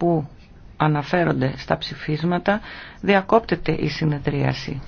που αναφέρονται στα ψηφίσματα, διακόπτεται η συνεδρίαση.